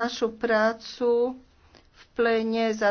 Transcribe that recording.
našu prácu v pléne za